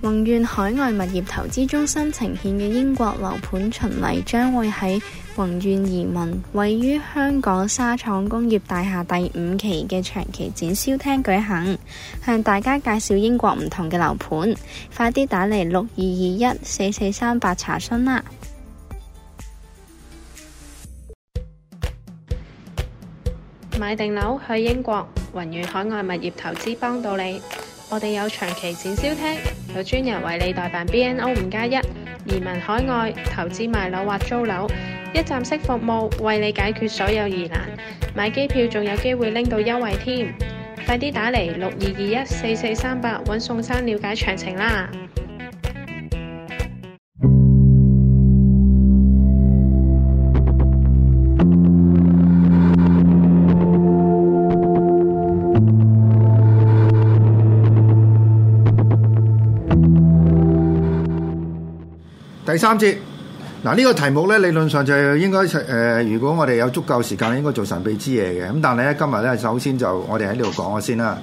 宏遠海外物業投資中心呈現嘅英國樓盤巡禮將會喺宏遠移民位於香港沙廠工業大廈第五期嘅長期展銷廳舉行，向大家介紹英國唔同嘅樓盤。快啲打嚟六二二一四四三八查詢啦！買定樓去英國，宏遠海外物業投資幫到你。我哋有長期展銷廳，有專人為你代辦 BNO 五加一，移民海外、投資賣樓或租樓，一站式服務為你解決所有疑難。買機票仲有機會拎到優惠添，快啲打嚟六二二一四四三八搵宋生了解詳情啦！第三節嗱呢個題目咧，理論上就應該誒、呃，如果我哋有足夠時間，應該做神秘之嘢嘅。咁但係咧，今日咧，首先就我哋喺呢度講下先啦。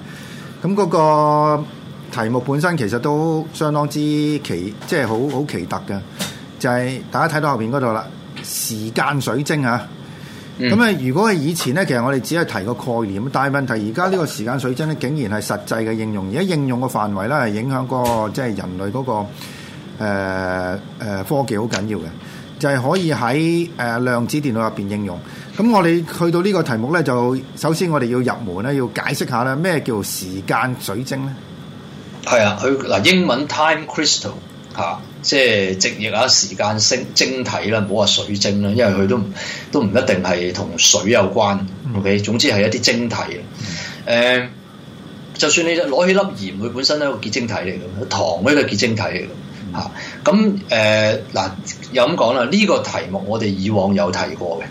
咁嗰個題目本身其實都相當之奇，即係好好奇特嘅。就係、是、大家睇到後面邊嗰度啦，時間水晶啊。咁啊、嗯，如果係以前咧，其實我哋只係提個概念，但係問題而家呢個時間水晶咧，竟然係實際嘅應用，而家應用嘅範圍咧，係影響個即係人類嗰、那個。誒誒、uh, 科技好緊要嘅，就係、是、可以喺誒、uh, 量子電腦入邊應用。咁我哋去到呢個題目咧，就首先我哋要入門咧，要解釋下咧咩叫時間水晶咧？係啊，佢嗱英文 time crystal 嚇、啊，即係直譯啊，時間晶晶體啦、啊，冇話水晶啦、啊，因為佢都都唔一定係同水有關。O、okay? K，總之係一啲晶體、啊。誒、mm，hmm. uh, 就算你攞起粒鹽，佢本身都係一個結晶體嚟嘅，糖嗰啲係結晶體嚟嘅。咁誒嗱又咁講啦，呢、呃這個題目我哋以往有提過嘅。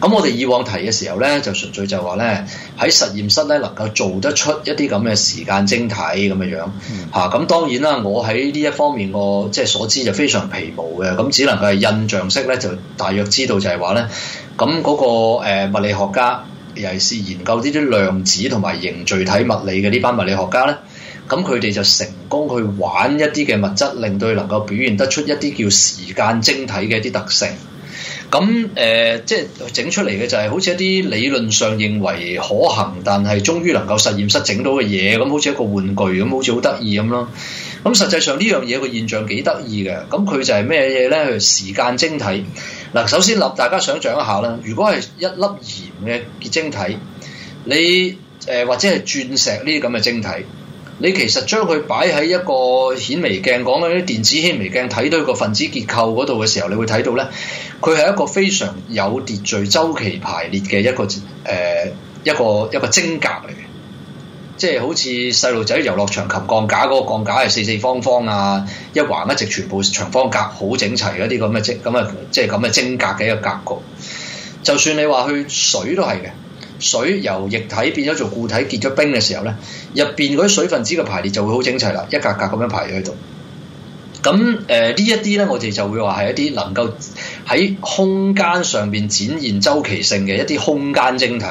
咁我哋以往提嘅時候咧，就純粹就話咧喺實驗室咧能夠做得出一啲咁嘅時間晶體咁嘅樣。嚇咁、嗯啊、當然啦，我喺呢一方面我即係所知就非常皮毛嘅，咁只能夠係印象式咧就大約知道就係話咧，咁嗰、嗰個、呃、物理學家尤其是研究呢啲量子同埋凝聚體物理嘅呢班物理學家咧。咁佢哋就成功去玩一啲嘅物質，令到佢能夠表現得出一啲叫時間晶體嘅一啲特性。咁誒，即係整出嚟嘅就係好似一啲理論上認為可行，但係終於能夠實驗室整到嘅嘢。咁好似一個玩具咁，好似好得意咁咯。咁實際上呢樣嘢個現象幾得意嘅。咁佢就係咩嘢呢？時間晶體嗱，首先立大家想象一下啦，如果係一粒鹽嘅晶體，你誒、呃、或者係鑽石呢啲咁嘅晶體。你其實將佢擺喺一個顯微鏡，講緊啲電子顯微鏡睇到個分子結構嗰度嘅時候，你會睇到咧，佢係一個非常有秩序、周期排列嘅一個誒、呃、一個一個晶格嚟嘅，即係好似細路仔遊樂場琴鋼架嗰個鋼架係四四方方啊，一橫一直全部長方格好整齊嗰啲咁嘅晶咁啊，即係咁嘅晶格嘅一個格局。就算你話去水都係嘅。水由液體變咗做固體結咗冰嘅時候咧，入邊嗰啲水分子嘅排列就會好整齊啦，一格格咁樣排列喺度。咁誒、呃、呢一啲咧，我哋就會話係一啲能夠喺空間上邊展現周期性嘅一啲空間晶體，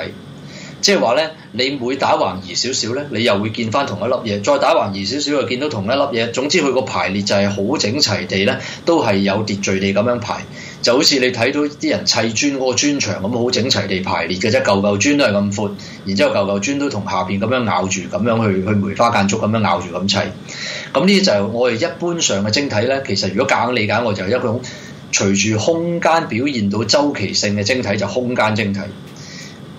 即係話咧。你每打橫移少少咧，你又會見翻同一粒嘢；再打橫移少少又見到同一粒嘢。總之佢個排列就係好整齊地咧，都係有秩序地咁樣排，就好似你睇到啲人砌磚嗰個磚牆咁好整齊地排列嘅啫，嚿嚿磚都係咁闊，然之後嚿嚿磚都同下邊咁樣咬住，咁樣去去梅花間竹咁樣咬住咁砌。咁呢啲就係我哋一般上嘅晶體咧，其實如果夾硬理解我，我就係一種隨住空間表現到周期性嘅晶體，就係、空間晶體。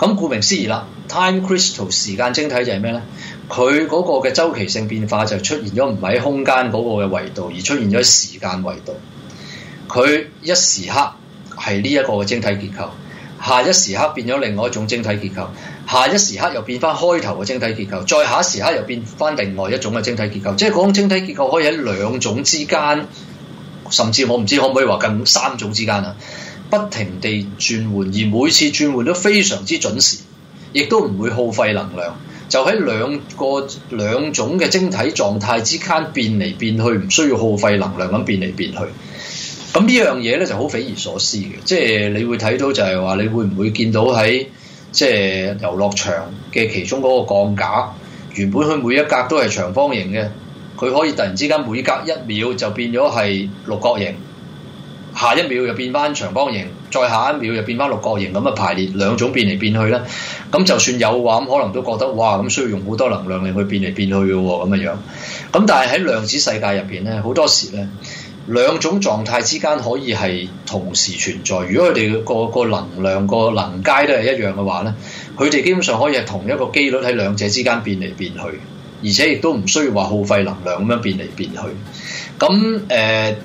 咁顧名思義啦，Time Crystal 時間晶體就係咩咧？佢嗰個嘅周期性變化就出現咗唔喺空間嗰個嘅維度，而出現咗時間維度。佢一時刻係呢一個嘅晶體結構，下一時刻變咗另外一種晶體結構，下一時刻又變翻開頭嘅晶體結構，再下一時刻又變翻另外一種嘅晶體結構。即係講晶體結構可以喺兩種之間，甚至我唔知可唔可以話近三種之間啊？不停地轉換，而每次轉換都非常之準時，亦都唔會耗費能量，就喺兩個兩種嘅晶體狀態之間變嚟變去，唔需要耗費能量咁變嚟變去。咁呢樣嘢咧就好匪夷所思嘅，即係你會睇到就係話，你會唔會見到喺即係遊樂場嘅其中嗰個鋼架，原本佢每一格都係長方形嘅，佢可以突然之間每隔一秒就變咗係六角形。下一秒又變翻長方形，再下一秒又變翻六角形咁，啊，排列兩種變嚟變去啦。咁就算有話，可能都覺得哇，咁需要用好多能量令佢變嚟變去嘅喎，咁嘅樣。咁但係喺量子世界入邊咧，好多時咧兩種狀態之間可以係同時存在。如果佢哋個個能量個能階都係一樣嘅話咧，佢哋基本上可以係同一個機率喺兩者之間變嚟變去，而且亦都唔需要話耗費能量咁樣變嚟變去。咁誒。呃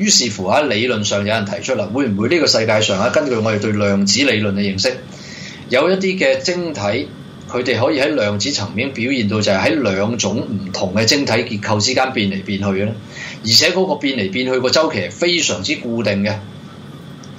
於是乎喺、啊、理論上有人提出啦，會唔會呢個世界上喺、啊、根據我哋對量子理論嘅認識，有一啲嘅晶體佢哋可以喺量子層面表現到就係喺兩種唔同嘅晶體結構之間變嚟變去嘅呢？而且嗰個變嚟變去個周期係非常之固定嘅。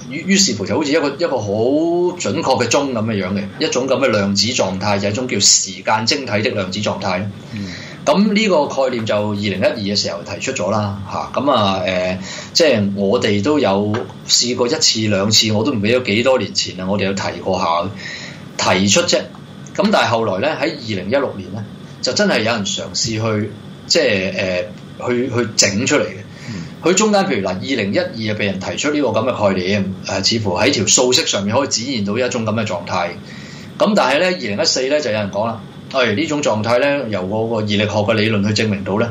於於是乎就好似一個一個好準確嘅鐘咁樣樣嘅一種咁嘅量子狀態，就係、是、一種叫時間晶體的量子狀態。嗯咁呢個概念就二零一二嘅時候提出咗啦，嚇咁啊誒、啊呃，即係我哋都有試過一次兩次，我都唔記得幾多年前啦，我哋有提過下提出啫。咁但係後來咧，喺二零一六年咧，就真係有人嘗試去即係誒、呃、去去整出嚟嘅。佢中間譬如嗱，二零一二啊，被人提出呢個咁嘅概念，誒、啊、似乎喺條數式上面可以展現到一種咁嘅狀態。咁但係咧，二零一四咧就有人講啦。係呢、哎、種狀態咧，由我個熱力學嘅理論去證明到咧，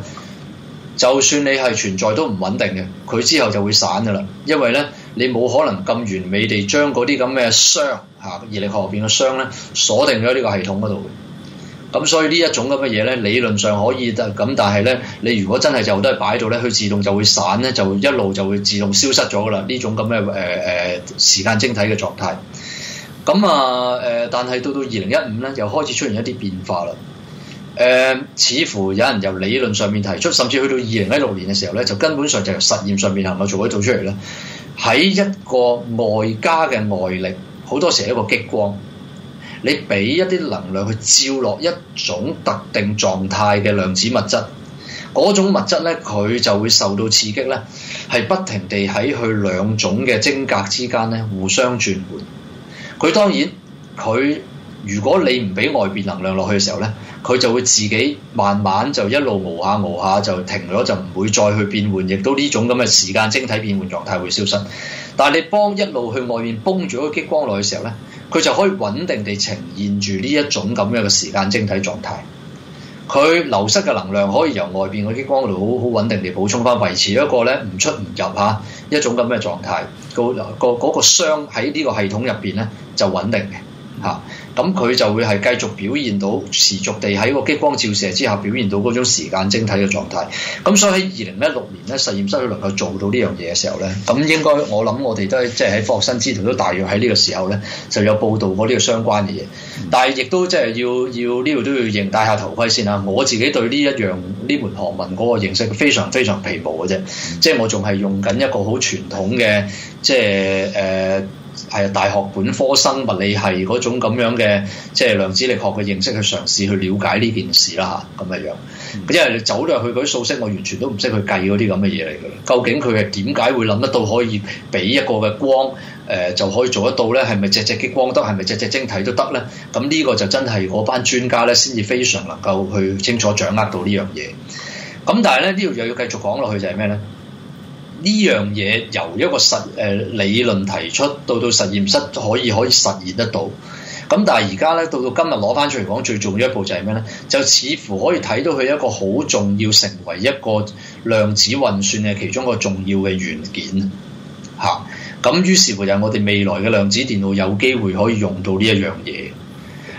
就算你係存在都唔穩定嘅，佢之後就會散噶啦。因為咧，你冇可能咁完美地將嗰啲咁嘅熵吓熱力學入邊嘅熵咧鎖定咗呢個系統嗰度嘅。咁所以呢一種咁嘅嘢咧，理論上可以，得。咁但係咧，你如果真係就都係擺到度咧，佢自動就會散咧，就一路就會自動消失咗噶啦。呢種咁嘅誒誒時間晶體嘅狀態。咁啊，誒、嗯，但係到到二零一五咧，又開始出現一啲變化啦。誒、嗯，似乎有人由理論上面提出，甚至去到二零一六年嘅時候咧，就根本上就由實驗上面係咪做一做出嚟咧？喺一個外加嘅外力，好多時係一個激光，你俾一啲能量去照落一種特定狀態嘅量子物質，嗰種物質咧，佢就會受到刺激咧，係不停地喺佢兩種嘅晶格之間咧互相轉換。佢當然，佢如果你唔俾外邊能量落去嘅時候呢，佢就會自己慢慢就一路熬下熬下就停咗，就唔會再去變換，亦都呢種咁嘅時間晶體變換狀態會消失。但係你幫一路去外面繃住嗰個激光落去嘅時候呢，佢就可以穩定地呈現住呢一種咁樣嘅時間晶體狀態。佢流失嘅能量可以由外邊嗰啲激光路好好穩定地補充翻，維持一個咧唔出唔入吓、啊、一種咁嘅狀態。個個嗰個箱喺呢個系統入邊咧就穩定嘅吓。啊咁佢就會係繼續表現到持續地喺個激光照射之下表現到嗰種時間晶體嘅狀態。咁所以喺二零一六年咧，實驗室去能夠做到呢樣嘢嘅時候咧，咁應該我諗我哋都係即係喺科學生之頭都大約喺呢個時候咧就有報導過呢個相關嘅嘢。但係亦都即係要要呢度都要認戴下頭盔先啦。我自己對呢一樣呢門學問嗰個認識非常非常皮薄嘅啫，即係我仲係用緊一個好傳統嘅即係誒。即係呃係呀，大學本科生物理系嗰種咁樣嘅，即係量子力學嘅認識去嘗試去了解呢件事啦，咁嘅樣。因為你走落去嗰啲數式，我完全都唔識去計嗰啲咁嘅嘢嚟嘅。究竟佢係點解會諗得到可以俾一個嘅光誒、呃，就可以做得到咧？係咪隻隻激光都？係咪隻隻晶體都得咧？咁呢個就真係我班專家咧，先至非常能夠去清楚掌握到呢樣嘢。咁但係咧，呢度又要繼續講落去就係咩咧？呢樣嘢由一個實誒、呃、理論提出，到到實驗室可以可以實現得到。咁但係而家咧，到到今日攞翻出嚟講，最重要一步就係咩呢？就似乎可以睇到佢一個好重要，成為一個量子運算嘅其中一個重要嘅元件。嚇、啊！咁於是乎就我哋未來嘅量子電腦有機會可以用到呢一樣嘢。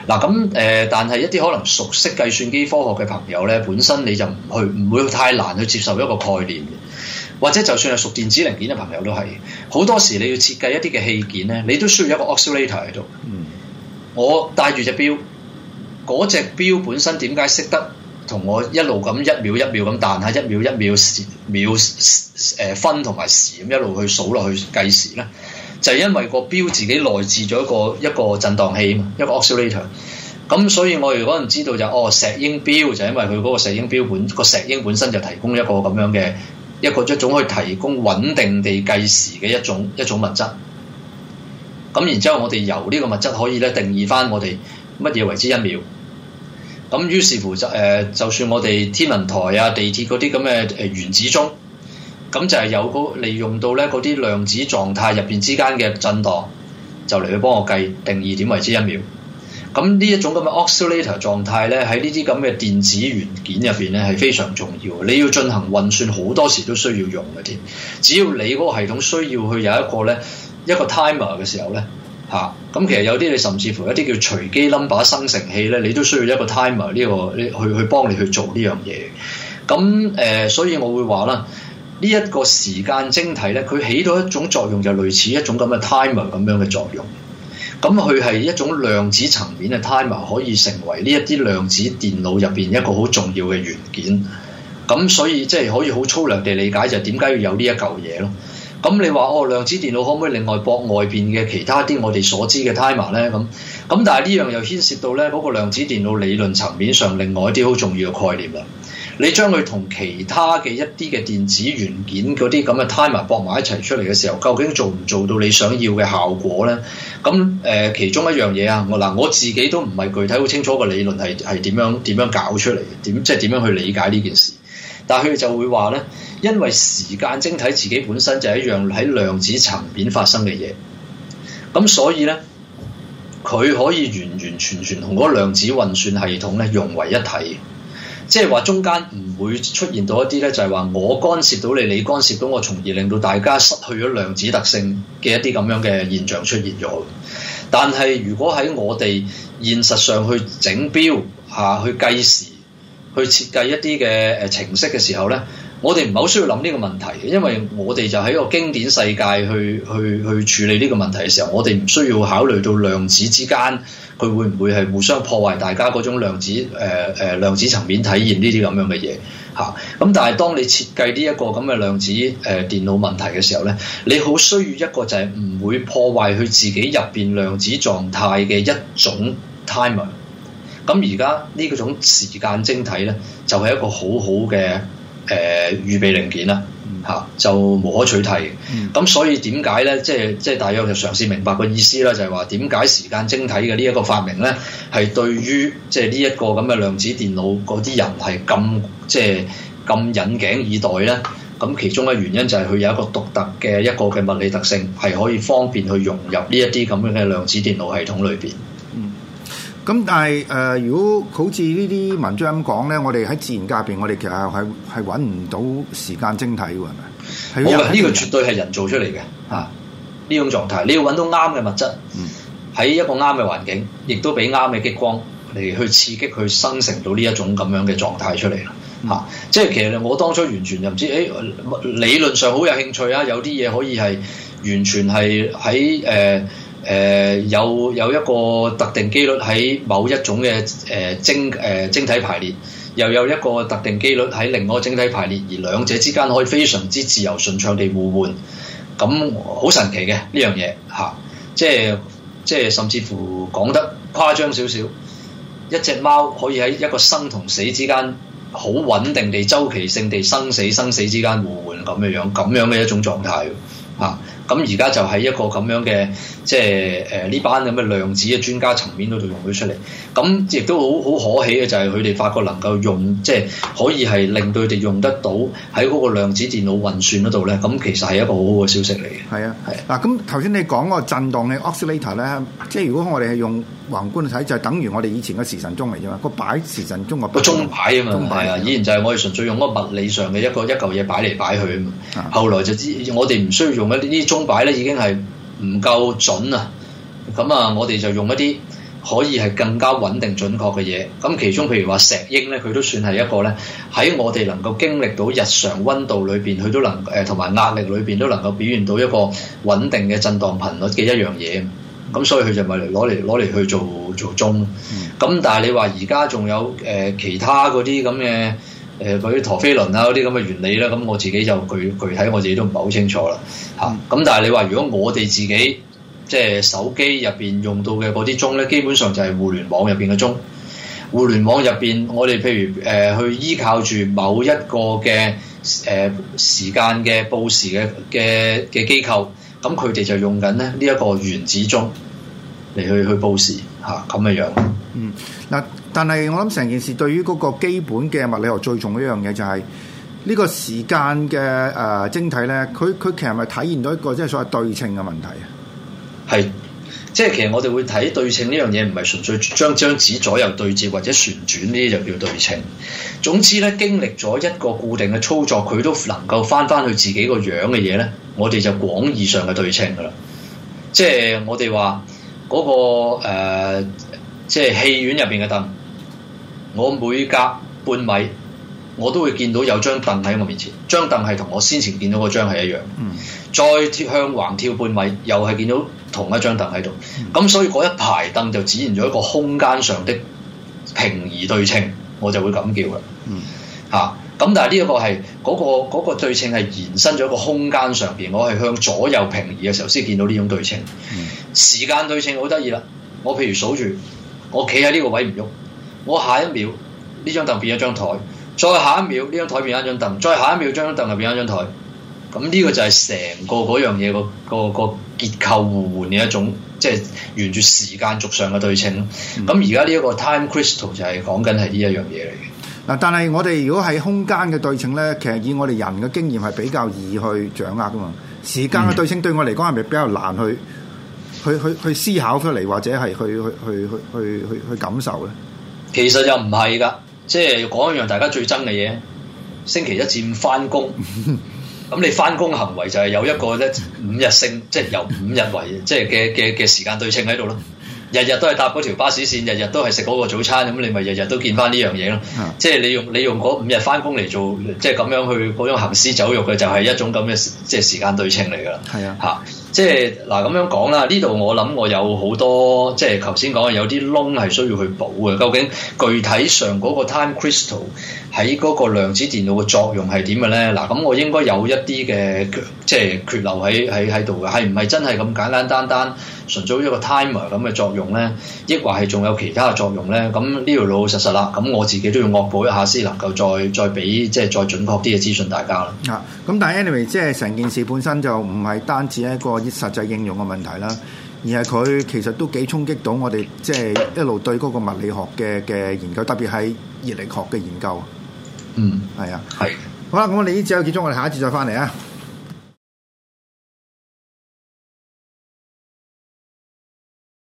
嗱咁誒，但係一啲可能熟悉計算機科學嘅朋友咧，本身你就唔去，唔會太難去接受一個概念。或者就算係熟電子零件嘅朋友都係好多時，你要設計一啲嘅器件咧，你都需要一個 oscillator 喺度。嗯、我戴住隻錶，嗰隻錶本身點解識得同我一路咁一秒一秒咁彈下一秒一秒時秒誒、呃、分同埋時咁一路去數落去計時咧？就係、是、因為個錶自己內置咗一個一個振盪器啊，一個 oscillator。咁所以我如果唔知道就係、哦石英錶就因為佢嗰個石英錶本個石英本身就提供一個咁樣嘅。一個一種去提供穩定地計時嘅一種一種物質，咁然之後我哋由呢個物質可以咧定義翻我哋乜嘢為之一秒，咁於是乎就誒、呃，就算我哋天文台啊、地鐵嗰啲咁嘅誒原子鐘，咁就係有個利用到咧嗰啲量子狀態入邊之間嘅震盪，就嚟去幫我計定義點為之一秒。咁呢一種咁嘅 oscillator 狀態咧，喺呢啲咁嘅電子元件入邊咧係非常重要。你要進行運算好多時都需要用嘅添。只要你嗰個系統需要去有一個咧一個 timer 嘅時候咧，吓、啊、咁其實有啲你甚至乎一啲叫隨機 number 生成器咧，你都需要一個 timer 呢、這個呢去去幫你去做呢樣嘢。咁、啊、誒，所以我會話啦，呢、這、一個時間晶體咧，佢起到一種作用就類似一種咁嘅 timer 咁樣嘅作用。咁佢係一種量子層面嘅 timer，可以成為呢一啲量子電腦入邊一個好重要嘅元件。咁所以即係可以好粗略地理解就係點解要有呢一嚿嘢咯。咁你話哦，量子電腦可唔可以另外博外邊嘅其他啲我哋所知嘅 timer 呢？咁咁但係呢樣又牽涉到呢嗰個量子電腦理論層面上另外一啲好重要嘅概念啦。你將佢同其他嘅一啲嘅電子元件嗰啲咁嘅 timer 搏埋一齊出嚟嘅時候，究竟做唔做到你想要嘅效果呢？咁誒、呃，其中一樣嘢啊，我嗱我自己都唔係具體好清楚個理論係係點樣點樣搞出嚟，點即係點樣去理解呢件事？但係佢就會話呢，因為時間晶體自己本身就係一樣喺量子層面發生嘅嘢，咁所以呢，佢可以完完全全同個量子運算系統咧融為一體。即係話，中間唔會出現到一啲咧，就係話我干涉到你，你干涉到我，從而令到大家失去咗量子特性嘅一啲咁樣嘅現象出現咗。但係如果喺我哋現實上去整標嚇，去計時，去設計一啲嘅誒程式嘅時候咧，我哋唔係好需要諗呢個問題，因為我哋就喺一個經典世界去去去處理呢個問題嘅時候，我哋唔需要考慮到量子之間，佢會唔會係互相破壞大家嗰種量子誒誒、呃、量子層面體驗呢啲咁樣嘅嘢嚇。咁、啊、但係當你設計呢一個咁嘅量子誒電腦問題嘅時候呢，你好需要一個就係唔會破壞佢自己入邊量子狀態嘅一種 timer。咁而家呢個種時間晶體呢，就係、是、一個好好嘅。誒、呃、預備零件啦，嚇、嗯啊、就無可取替嘅。咁、嗯、所以點解咧？即係即係大約就嘗試明白個意思啦，就係話點解時間晶體嘅呢一個發明咧，係對於即係呢一個咁嘅量子電腦嗰啲人係咁即係咁引頸以待咧？咁其中嘅原因就係佢有一個獨特嘅一個嘅物理特性，係可以方便去融入呢一啲咁樣嘅量子電腦系統裏邊。咁、嗯、但係誒、呃，如果好似呢啲文章咁講咧，我哋喺自然界入邊，我哋其實係係揾唔到時間晶體喎，係咪？係呢的體個絕對係人做出嚟嘅嚇，呢、啊、種狀態你要揾到啱嘅物質，喺一個啱嘅環境，亦都俾啱嘅激光嚟去刺激，去生成到呢一種咁樣嘅狀態出嚟啦嚇。啊嗯、即係其實我當初完全就唔知，誒、哎、理論上好有興趣啊，有啲嘢可以係完全係喺誒。呃誒、呃、有有一個特定機率喺某一種嘅誒、呃、晶誒、呃、晶體排列，又有一個特定機率喺另外一個晶體排列，而兩者之間可以非常之自由順暢地互換，咁好神奇嘅呢樣嘢嚇，即係即係甚至乎講得誇張少少，一隻貓可以喺一個生同死之間好穩定地周期性地生死生死之間互換咁樣樣咁樣嘅一種狀態嚇。啊咁而家就喺一個咁樣嘅，即係誒呢班咁嘅量子嘅專家層面嗰度用到出嚟，咁亦都好好可喜嘅就係佢哋發覺能夠用，即係可以係令到佢哋用得到喺嗰個量子電腦運算嗰度咧，咁其實係一個好好嘅消息嚟嘅。係啊，係嗱、啊，咁頭先你講嗰個振盪器 oscillator 咧，即係如果我哋係用宏觀睇，就係等於我哋以前嘅時辰鐘嚟啫嘛，個擺時辰鐘個鐘擺啊嘛，鐘擺啊，以前就係我哋純粹用嗰個物理上嘅一個一嚿嘢擺嚟擺去啊嘛，後來就知我哋唔需要用一啲。鐘擺咧已經係唔夠準啊。咁啊，我哋就用一啲可以係更加穩定準確嘅嘢。咁其中譬如話石英咧，佢都算係一個咧，喺我哋能夠經歷到日常溫度裏邊，佢都能誒，同埋壓力裏邊都能夠表現到一個穩定嘅震盪頻率嘅一樣嘢。咁所以佢就咪攞嚟攞嚟去做做鐘。咁但係你話而家仲有誒、呃、其他嗰啲咁嘅，誒嗰啲陀飛輪啦、啊，嗰啲咁嘅原理咧，咁我自己就具具體我自己都唔係好清楚啦，嚇、啊。咁但係你話如果我哋自己即係手機入邊用到嘅嗰啲鐘咧，基本上就係互聯網入邊嘅鐘。互聯網入邊，我哋譬如誒、呃、去依靠住某一個嘅誒、呃、時間嘅報時嘅嘅嘅機構，咁佢哋就用緊咧呢一個原子鐘嚟去去報時嚇，咁、啊、嘅樣。嗯，嗱。但係我諗成件事對於嗰個基本嘅物理學最重要一樣嘢就係、是、呢、呢個時間嘅誒、呃、晶體咧，佢佢其實咪體現到一個即係所謂對稱嘅問題啊？係即係其實我哋會睇對稱呢樣嘢，唔係純粹將張紙左右對摺或者旋轉呢啲就叫對稱。總之咧，經歷咗一個固定嘅操作，佢都能夠翻翻去自己個樣嘅嘢咧，我哋就廣義上嘅對稱㗎喇。即係我哋話嗰個、呃、即係戲院入邊嘅凳。我每隔半米，我都會見到有張凳喺我面前。張凳係同我先前見到嗰張係一樣。嗯、再跳向橫跳半米，又係見到同一張凳喺度。咁、嗯、所以嗰一排凳就展現咗一個空間上的平移對稱，我就會咁叫嘅。嚇、嗯！咁、啊、但係呢一個係嗰、嗰個嗰、嗰個對稱係延伸咗一個空間上邊，我係向左右平移嘅時候先見到呢種對稱。嗯、時間對稱好得意啦！我譬如數住，我企喺呢個位唔喐。我下一秒呢張凳變咗張台，再下一秒呢張台變咗張凳，再下一秒張凳又變咗張台。咁呢個就係成個嗰樣嘢個個個結構互換嘅一種，即係沿住時間軸上嘅對稱。咁而家呢一個 Time Crystal 就係講緊係呢一樣嘢嚟嘅。嗱，但係我哋如果係空間嘅對稱咧，其實以我哋人嘅經驗係比較易去掌握噶嘛。時間嘅對稱對我嚟講係咪比較難去去去去思考出嚟，或者係去去去去去去感受咧？其實又唔係噶，即係講一樣大家最憎嘅嘢，星期一至五翻工，咁 你翻工行為就係有一個咧五日性，即係由五日為即係嘅嘅嘅時間對稱喺度咯，日日都係搭嗰條巴士線，日日都係食嗰個早餐，咁你咪日日都見翻呢樣嘢咯，即係 你用你用嗰五日翻工嚟做，即係咁樣去嗰種行屍走肉嘅，就係一種咁嘅即係時間對稱嚟噶啦，係啊，吓。即係嗱，咁樣講啦，呢度我諗我有好多，即係頭先講有啲窿係需要去補嘅。究竟具體上嗰個 time crystal 喺嗰個量子電腦嘅作用係點嘅咧？嗱，咁我應該有一啲嘅即係缺漏喺喺喺度嘅，係唔係真係咁簡簡單單,單,單純做一個 timer 咁嘅作用咧？抑或係仲有其他嘅作用咧？咁呢老老實實啦，咁我自己都要惡補一下先能夠再再俾即係再準確啲嘅資訊大家啦。啊，咁但係 anyway，即係成件事本身就唔係單止一個實際應用嘅問題啦，而係佢其實都幾衝擊到我哋即係一路對嗰個物理學嘅嘅研究，特別喺熱力學嘅研究。嗯，係啊，係的。好啦，咁我哋呢節又結束，我哋下一節再翻嚟啊。